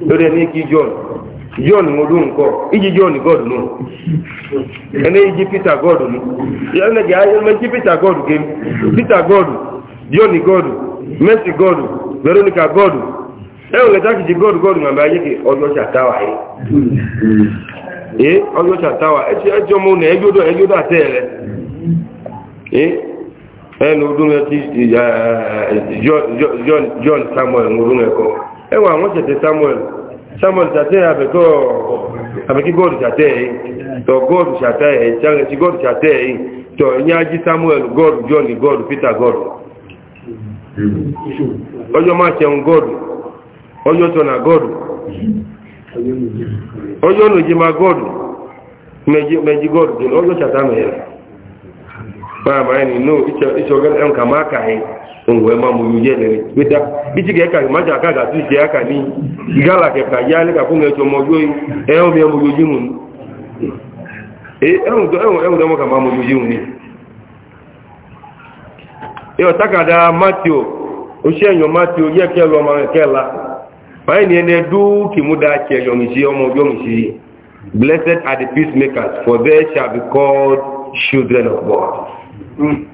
[SPEAKER 1] lórí ẹni kí john john mo ló ń kọ john god nù ẹni ìjì peter god nù ẹni gẹ ayélujára peter god gé peter god john god mercy god veronica god ẹ̀rùn lẹ́ta kìí ṣe god god nàbẹ̀ ayé kì ọjọ́ ṣàtàwà yìí ee ọjọ́ ṣàtàwà ẹjọ́ mọ́ ní ẹjọ́dọ̀ ẹjọ́dọ̀ àtẹ́ rẹ̀ ee ẹnu ọdún ẹ ti john samuel ọdún ẹ̀kọ́ ẹwà àwọn tẹ̀tẹ̀ samuel samuel tàtẹ́ àbẹ̀tọ́ àbẹ̀kí gọ́ọ̀dù tàtẹ́ yìí tọ̀ gọ́ọ̀dù tàtẹ́ yìí tí gọ́ọ̀dù tàtẹ́ yìí tọ̀ ìyájí samuel gọ́ọ̀dù john gọ́ọ̀dù peter gọ́ọ̀dù ọjọ́ máa ṣẹun gọ́ọ̀dù ọjọ́ tọ̀nà gọ́ọ̀dù ọjọ́ nìjí máa gọ́ọ̀dù mẹ́jí gọ́ọ̀dù ọjọ́ tàtà mẹ́rẹ̀ ngwe ma mu yuje ne ka ma ja ga tu je aka ni gala ke ka ya le ka ku ngecho o ya o ma ni e o taka da ya o se nyo ne du ki mu si mi si blessed are the peacemakers for they shall be called children of god hmm.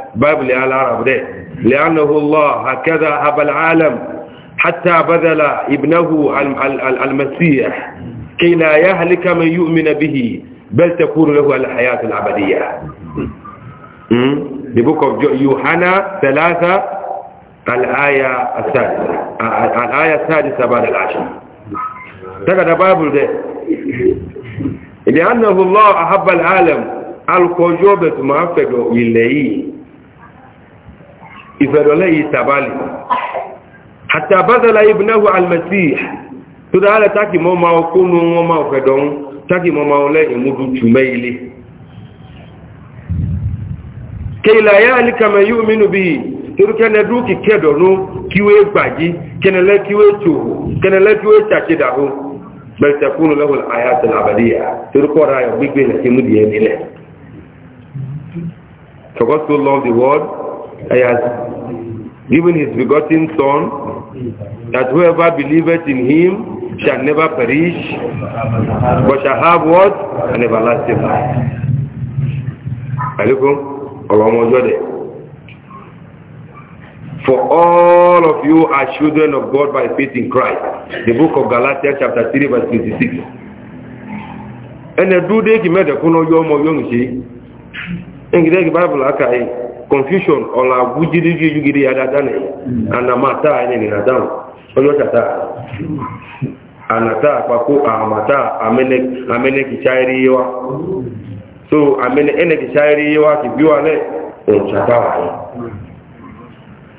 [SPEAKER 1] باب عرب ده لأنه الله هكذا أبى العالم حتى بذل ابنه المسيح كي لا يهلك من يؤمن به بل تكون له الحياة الأبدية The book of يوحنا ثلاثة الآية السادسة الآية السادسة بعد العشر تقدر باب ده لأنه الله أحب العالم الكوجوبة ما فقه إليه ìfẹ̀dọ̀lẹ́ yìí tàbálì àtàbátàlá ibùnáwó almasi tó dáálẹ̀ tákì mọ́ ma ọkúnnú wọn ma ọ̀fẹ̀dọ̀un tákì mọ́ ma ọlẹ́ ìmúdú jùmẹ́ ilé kèìlà yá alìkàmẹ̀ yóò mínú bí torúkẹ́nẹ́ dúkì kẹ́dọ̀nú to God the world He has given his begotten Son, that whoever believeth in him shall never perish, but shall have what? An everlasting life. Alaikum, Allah For all of you are children of God by faith in Christ. The book of Galatians chapter three, verse 26. And the do day ki mede kuno yo mo yo ngi. Ngi de confusion ọ wújídíjú ìjúgidi adada nì mm. ànàmàtà ẹni nàdà ọjọ́ tàtà ànàtà àpapọ̀ àmàtà àmẹ́nẹ́kìṣáírí yíwá so àmẹ́nẹ́kìṣáírí yíwá ti bí wà lẹ́ ọ̀tàtà wà ní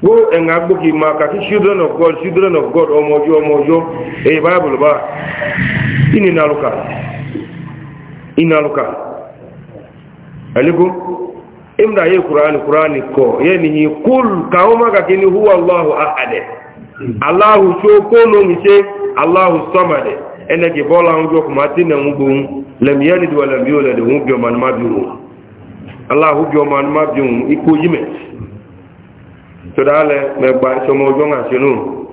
[SPEAKER 1] gbó ẹ̀ngà gbókì ma children of god children of god ọmọ ọjọ́ ọmọ ọjọ́ èyí bible bá ìnìnàlùkà imda ye qur'an qur'an ko yani ni kul kauma ka kini huwa allah ahad allah so ko no mi se allah samad ene ke bola ngo ko mati na ngo bun lam yalid wa lam yulad hu bi man ma bi allah hu bi man ma bi iko yime to dale me gba so mo jo ngan sinu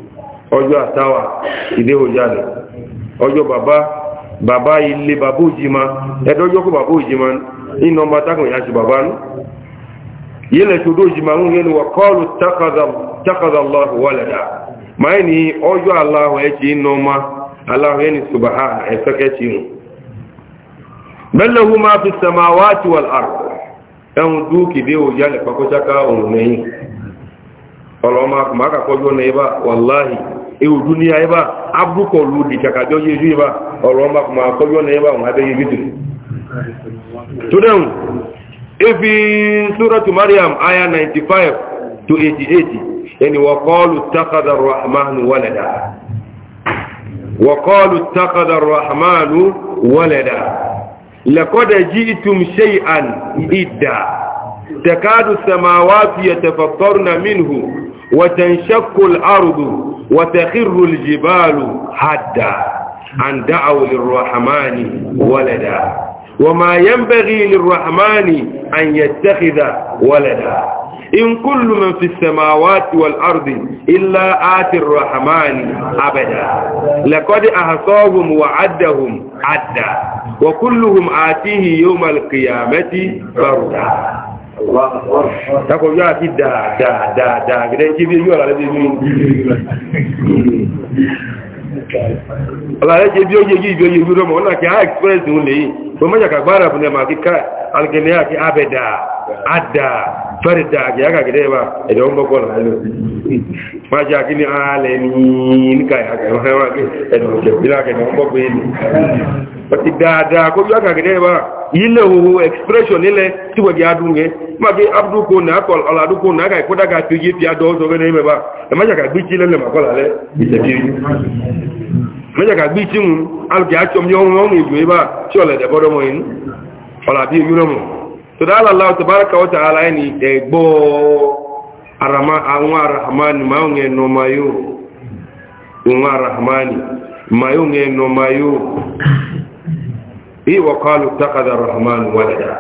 [SPEAKER 1] ojo atawa ide ho jade ojo baba baba ile babu jima edojo ko babu jima ni number takun ya si baba nu yele tudoji mangu ni wa qalu taqadha taqadha Allah walada maini ojo Allah eji noma Allah yani subhana efekechi um. mu ballahu ma fi samawati wal ard en um duki um e de o yale pako chaka onmei oloma maka kojo ne ba wallahi ewu dunia eba abdu ko ludi chaka jo yeju eba oloma ma kojo ne eba na abe yebitu tudem في سورة مريم آية 95 to 88 يعني وقالوا اتخذ الرحمن ولدا وقالوا اتخذ الرحمن ولدا لقد جئتم شيئا إدا تكاد السماوات يتفطرن منه وتنشق الأرض وتخر الجبال حدا أن دعوا للرحمن ولدا وما ينبغي للرحمن أن يتخذ ولدا إن كل من في السماوات والأرض إلا آتي الرحمن عبدا لقد أحصاهم وعدهم عدا وكلهم آتيه يوم القيامة فردا الله أكبر تقول يا دا دا دا دا alaye je bi oye yi bi oye yi romo ona ki a express un leyi to ma jaka gbara bu ne ma ki ka algene ya ki ada farida ya ga gida ba idan ba ko na ido ma ja kini aleni ka ya ga ma ma ke ido ke bila ke no ko be ni pati da da ko ya ga gida ba expression ile ti wa ya dunge eh. ma bi abdu ko na ko ala du ko na ga ko daga ti ji pia do so ga ne ba e ma ja ga gbi ti le ma ko la le ise bi ma ja de bodo tọ́dá aláwọ̀ tàbárakà wata aláìní ẹgbọ́ àwọn arahamani ma yóò ẹnu ma yóò ohun arahamani ma yóò ẹnu ma yóò ìwọ̀ kọlù takada arahamani wàdàdà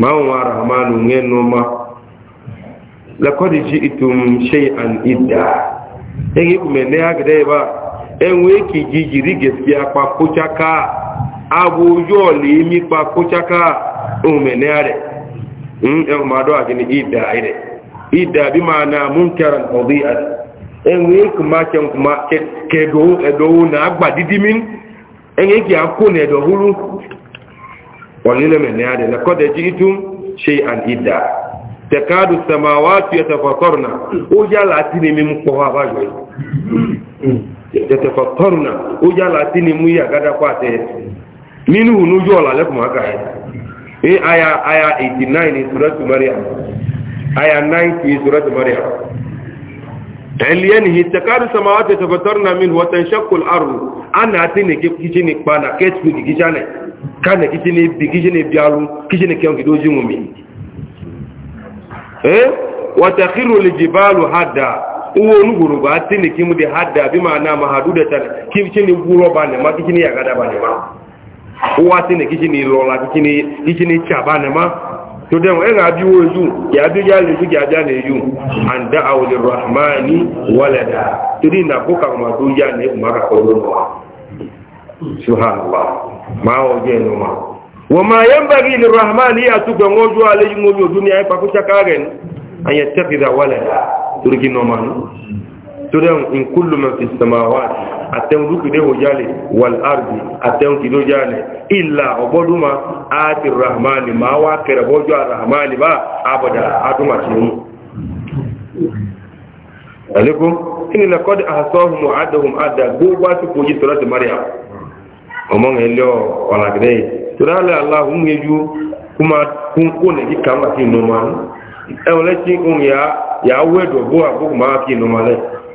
[SPEAKER 1] ma ohun arahamani ẹnu ma lakọ́dì ìtùm ṣe àn ìdá ẹgbẹ́ ìkùnmẹ̀ ní agidẹ́ ìbá ẹwọ́n èkì rí gẹ̀ẹ́sì apá ọ̀lẹ́ umenare in mm, e ma do agini idda ire ida bi mana munkaran qadi'at en wi kuma ken kuma ke ke do e do na agba didimin en yi ki akun e do huru walile menare la qad ji'tum shay'an idda takadu samawati yatafattarna ujala tinimi mko abajo yatafattarna ujala tinimi ya gada kwate minhu nujola lekum akaye e aya aya 89 Surat maryam aya 90 suratu maryam aliyanhi takadu samawati tafatarna minhu wa tanshaqqu al-ardu ana atini kichini pana ketsu kichane kana kichini bi kichini bialu kichini kiongi doji mumi eh wa takhiru al-jibalu hadda uwo nuguru ba atini kimudi hadda bima na mahaduda tan kichini guro bane ma kichini yagada bane ma wa ti ne kikini lola kikini kikini chaba ne ma to den e ga bi wo ju ya bi ya le ju ya ja ne ju an da'u lirrahmani walada to din na ko ka ma do ya ne ma ka ko do wa subhanallah ma o je no ma wa ma yanbaghi lirrahmani ya tu gongo ju ale ju mo ju dunia e pa ko chaka ren an yattakhidha walada turki no todan in kullu man fi samawati atan duku de ho jale wal ardi atan ki do jale illa oboduma ati rahman ma wa kere bojo rahman ba abada aduma tinu alaikum inni laqad ahsahum wa adahum adda gogwa ti ko yi surat maryam omon hello wala gide turala allah mu yeju kuma kun ko ne ki kama ki no man e wala ki kun ya ya wedo bo abu ma ki no male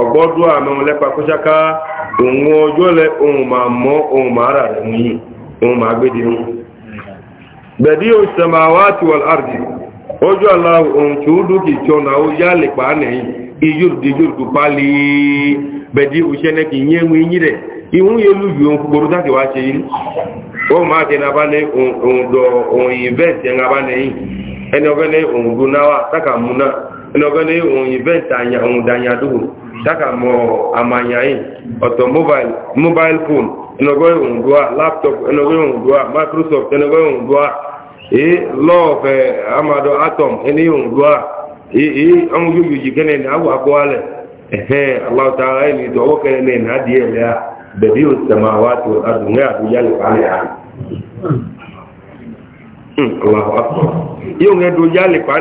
[SPEAKER 1] ọgbọ́dún àmọ́ lẹ́pa kó ṣáká òun ọjọ́ lẹ ohun máa mọ ohun máa rà rẹ̀ mú yìí ohun máa gbé dínú bẹ̀dí wá ti wọ̀l àrùdì ọjọ́ ohun tí ó dúkì tí ọ̀nà ó yá lè pa nẹ̀yìn ìjòdùdù pálí bẹ̀dí òṣèlẹ̀ kì í yín rẹ̀ ìhun yẹn lù ohun yìí saka mo amanyayi yi mobile mobile phone ẹnọgọ ìhùn dùá laptop ẹnọgọ ìhùn dùá microsoft ẹnọgọ ìhùn dùá ee law of eh, amado atom ẹni ìhùn dùá ee ọmọ yóò yìí kẹ́nẹ̀ ní awọ akọ alẹ ẹhẹn aláwọta ẹni tó ọwọ kẹ́nẹ̀ ní nàdí ẹ̀ lẹ́yà bẹ̀bí ò sẹ̀mà wá tó adùn ní ya lè wà ha pa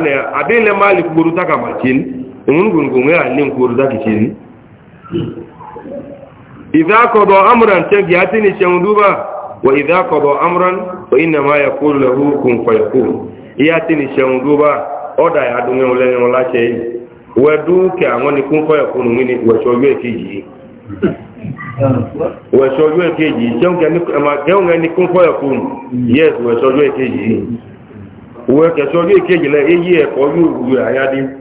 [SPEAKER 1] lè ni. ìmúnugbùngbò e a ti ní ṣẹun dúbà wọ ìfẹ́ akọ̀dọ̀ ya wọ iná máa yẹ kó lẹ́hu kún fọ̀yẹ̀kú ìyá ti ní ṣẹun dúbà ọ̀dà àdúnwẹ̀wọ̀n lẹ́nu láṣẹ yìí wẹ́ dúkẹ́ àwọn ní kún fọ̀yẹ̀kú nù ní wẹ̀ṣọ́jú èkejì yìí wẹ̀ṣọ́jú èkejì jẹun ẹni kún fọ̀yẹ̀kú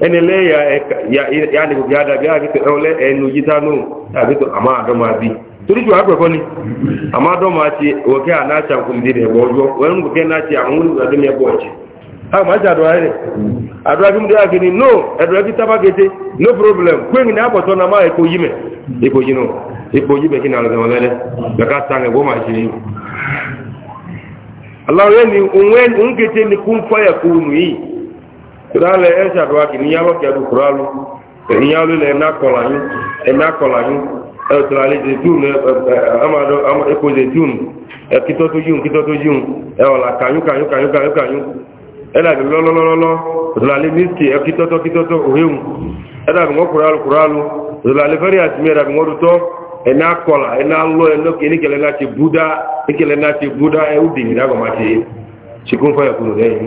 [SPEAKER 1] Enele ya ẹ̀ka dàbí àgbẹ̀tẹ̀ ọlẹ́ a yíta náà àgbẹ̀tẹ̀ àmọ́ àdọ́mọ́ àbí torí ju ni àmọ́ àdọ́mọ́ àti òkè ànáàtì àkùnrin dìde ẹ̀bọ̀ ọjọ́ wẹ́n kò kẹ́ náàtì àwọn olùgbàdúmí ẹ̀bọ̀ ọ̀jẹ̀ àmọ́ àti àdúrà rẹ̀ àdúrà kí n dúrà kí ni no ẹ̀dùrà e, kí tábàkété no problem tụralɛ ɛsɛ do aki níyàwó kí do kura e lu níyàwó lɛ ɛna kɔla nyi ɛna kɔla nyi ɛtɔlali e zetun ɛ e, ama do ama epo zetun ɛ kitɔto yiwu kitɔto yiwu ɛwɔla kanyu miski kitɔtɔ ŋɔ kura kura fɛri asimi ŋɔ ɛna kɔla ɛna lɔ ɛna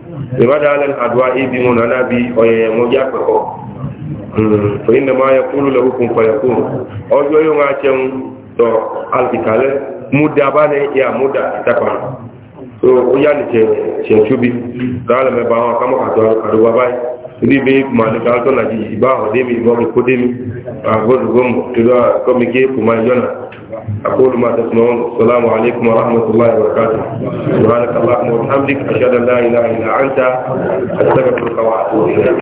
[SPEAKER 1] imad ale ga adụa ibi mụ na ana bighị onye ya nwe ge akp ọ me anya kwlu l kwụkw mkpa ya oe onye nwe achewụ aaama ya mda nye a echubi mb ahụ ka m kaa aba ribe kuma da ka na ji ba o de mi ba ko de mi a go go mo to da ko mi ke kuma yana aqulu ma tasmaun assalamu alaikum wa rahmatullahi wa barakatuh subhanak allahumma wa bihamdika ashhadu an la ilaha illa anta astaghfiruka wa atubu ilayk